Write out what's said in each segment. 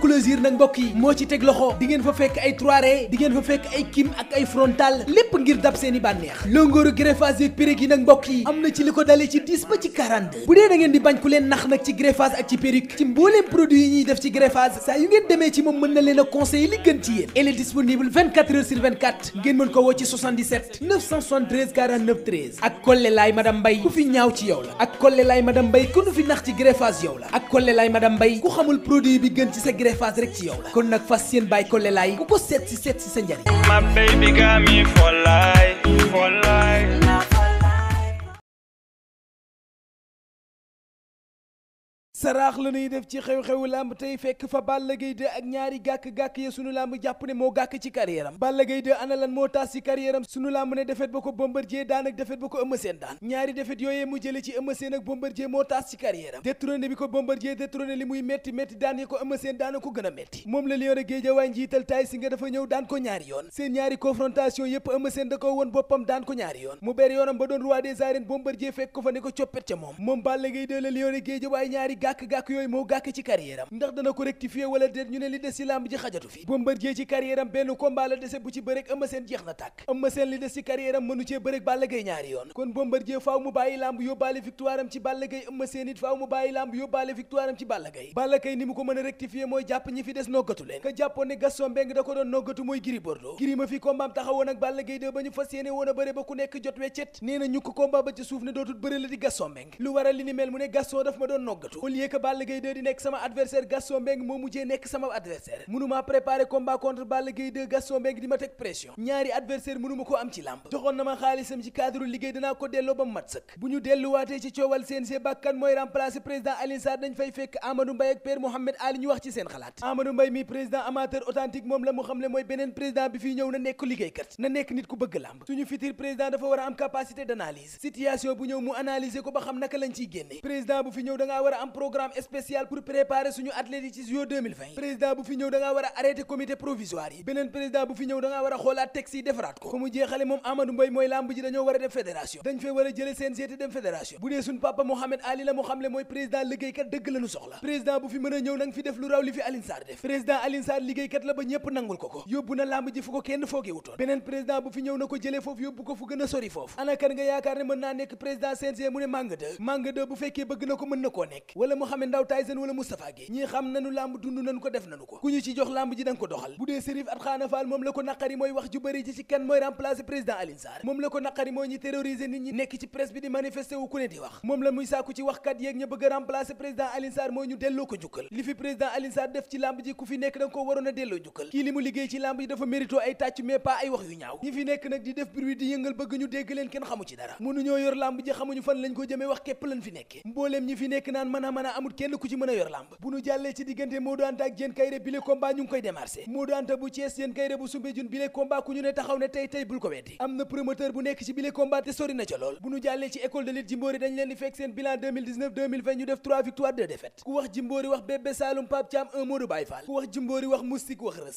clôture nag mbokk yi moo ci teg loxo di ngeen fa fekk ay trois di ngeen fa fekk ay kim ak ay frontal lépp ngir dab seen bànneex longooru greffage yeeg périg yi nag mbokk yi am na ci li ko dalee ci 10 ba ci 42 bu dee da di bañ ku leen nax nag ci greffage ak ci périg ci mbooleem produit yi ñuy def ci greffage saa yu ngeen demee ci moom mën na leen a li gën ci yéen elle disponible ngeen mën ko woo ak Kolle laay madame Mbaye ku fi ñaaw Serigne Fass rek ci yow la kon nag fas yéen bàyyi ko lelaay ku ko seet si seet si sa njariñ. saraax la ñuy def ci xew-xewu làmb tey fekk fa Balla Gaye 2 ak ñaari gàkk-gàkk ya sunu lamb jàpp ne moo gàkk ci carrière am Balla Gaye ci carrière am sunu lamb ne defet ba ko Bombardier daan ak defet ba ko Eumeu Sène daan ñaari defet yooyee mu jële ci Eumeu Sène ak Bombardier moo taas ci carrière am détrôné bi ko Bombardier détrôné li muy metti metti daan yi ko Eumeu Sène daan ko gën a metti moom la Lion de Guédiawaye njiital taay nga dafa ñëw daan ko ñaari yoon seen ñaari confrontation yépp Eumeu Sène daan ko yoon mu ber yoonam doon roi des arènes Bombardier ko fa ne ko coppet ca moom moom Balla Gaye gàkk-gàkk yooyu moo gàkk ci carrière am ndax dana ko rectifier wala déet ñu ne li des ci làmb ji xajatu fi Bombardier ci carrière benn combat la dese bu ci bërek Eumeu Sène jeex na tàkk Eumeu Sène li des ci carrière mënu cee bërek Balla Gaye ñaari yoon kon Bombardier faaw mu bàyyi làmb yóbbaale victoire am ci Balla Gaye Eumeu Sène it faaw mu bàyyi làmb yóbbaale victoire am ci Balla Gaye Balla Gaye ni mu ko mën a rectifier mooy jàpp ñi fi des noggatu lieu que Balla Gaye 2 di nekk sama adversaire Gaston Mbengue moo mujjee nekk sama adversaire mënumaa préparer combat contre Balla Gaye 2 Gaston Mbengue di ma teg pression ñaari adversaire mënuma ko am ci làmb joxoon na ma xaalisam ci cadre liggéey danaa ko delloo ba mu mat sëkk bu ñu delluwaatee ci coowal CNG bàkkan mooy remplacer président Alioune Sarr dañ fay fekk Amadou Mbaye ak Père Ali ñu wax ci seen xalaat Amadou Mbaye mi président amateur authentique moom la mu xam ne mooy beneen président bi fii ñëw nekk liggéeykat na nekk nit ku bëgg làmb mu analyser ko ba xam naka lañ ciy génne fi ñëw dangaa a programme président président bu fi ñëw da ko jële foofu yóbbu ko fu gën a sori foofu ana nga yaakaar ne mën naa nekk président CNG mu ne manga de manga de bu fekkee bëgg na ko mën na koo nekk wala Mohamed Ndao Tyson wala Moustapha Guèye ñi xam nanu làmb dund nañu ko def nañu ko ku ñu ci jox làmb ji da nga ko doxal bu dee Serif at Xaana Fall moom la ko naqari mooy wax ju bëri ji ci kan mooy remplacer président Alioune ñi terroriser nekk ci presse bi di manifester wu ku ne di wax moom la muy sàkku ci waxkat yeeg ña bëgg a remplacer président Alioune ñu delloo ko njukkal li fi président Alioune Sarr làmb ji ku fi nekk da nga ko waroon a delloo njukkal kii li mu liggéey ci làmb ji dafa mérito ay tàcc mais pas ay ñi fi nekk nag di def bruit di yëngal bëgg ñu dégg leen kenn xamu ci dara mënuñoo yor làmb ji xamuñu fan lañ ko jëmee wax képp lañ fi nekkee mbooleem ñi fi a a naa amul kenn ku ci mën a yor làmb bu nu jàllee ci diggante Modou Anta ak Diène Kaïré bile combat ñu ngi koy démarché Modou Anta bu Thiès Diène bu Soumbédioune bile combat ku ñu ne taxaw ne tey tey bul ko weddi am na promoteur bu nekk ci bile combat te sori na ca lool bu nu jàllee ci école de lutte Jimbori dañ leen di fekk seen bilan ñu def 3 victoires 2 défaites ku wax Jimbori wax Bébé Saloum Pape Thiam un Modou Baye ku wax Jimbori wax Moustique wax Rës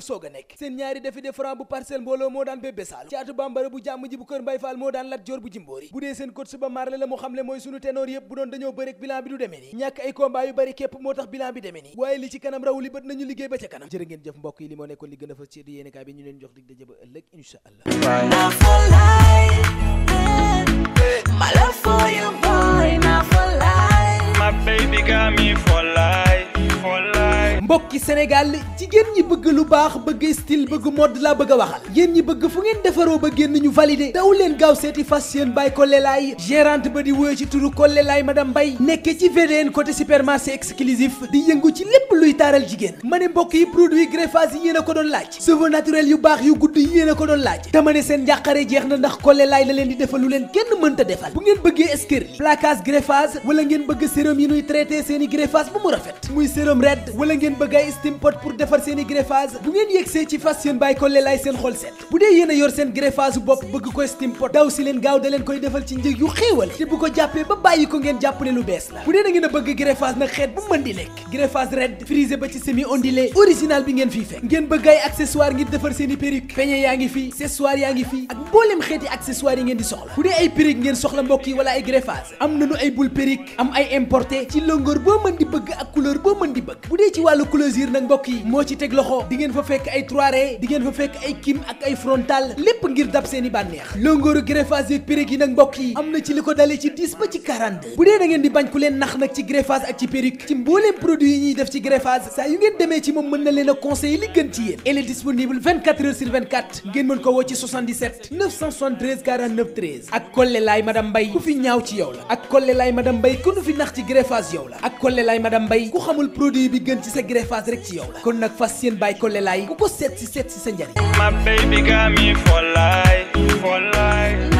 seen a nekk seen ñaari defi moo bu kër Mbay Fall moo daan Lat Joor bu jimboori bu dee seen coach ba Marley la mu xamle mooy sunu ténor yëpp bu doon dañoo bërek bilan bi du demee nii ñàkk ay combat yu bari képp moo tax bilan bi demee nii waaye li ci kanam raw li bët nañu liggéey ba ca kanam jërë ngeen jëf mbokk yi li moo li gën a fës ci yéene kaay bi ñu leen jox dig daje ëllëg insha Allah mbokki Sénégal jigéen ñi bëgg lu baax bëgg style bëgg mode laa bëgg a waxal yéen bëgg fu ngeen defaroo ba génn ñu validé daw leen gaaw seeti fashion by Collé Laye gérante ba di woyo ci turu Collé Laye madame Mbaye nekkee ci VDN côté supermarché exclusif di yëngu ci lépp luy taaral jigéen ma ne mbokk yi produit greffage yi yéen a ko doon laaj cheveux naturel yu baax yu gudd yi yéen a ko doon laaj dama ne seen njàqare jeex na ndax Collé Laye la leen di def lu leen kenn mënta defal bu ngeen bëggee escrit plaquage greffage wala seen i greffage bu bëgg ay pour defar seen greffage bu ngeen yegsee ci fas yéen bàyyi ko lelaay seen xol set bu dee yéen yor seen greffage bopp bëgg koy steam daw si leen gaaw da koy defal ci njëg yu xéewal te bu ko jàppee ba bàyyi ko ngeen jàpp lu bees la bu dee da ngeen bëgg greffage nag xeet bu mën di nekk greffage red frisé ba ci semi ondulé original bi ngeen fii fekk ngeen bëgg ay accessoire ngir defar seen i perruque peñe yaa ngi fii ak mbooleem wàllu clôture nag mbokk yi moo ci teg loxo di fa fekk ay trois di fa fekk ay kim ak ay frontal lépp ngir dab seen bànneex longooru greffage yeeg périg yi nag mbokk yi am na ci li ko dalee ci 10 ba ci 42 bu dee da di bañ ku leen nax nag ci greffage ak ci périg ci mbooleem produit yi ñuy def ci greffage saa yu ngeen demee ci moom mën na leen a li gën ci yéen elle disponible ngeen mën ko woo ak Kolle laay madame Mbaye ku fi ñaaw greffage rek ci yow la kon nag fas yéen bàyyi ko lelaay ku ko seet si seet si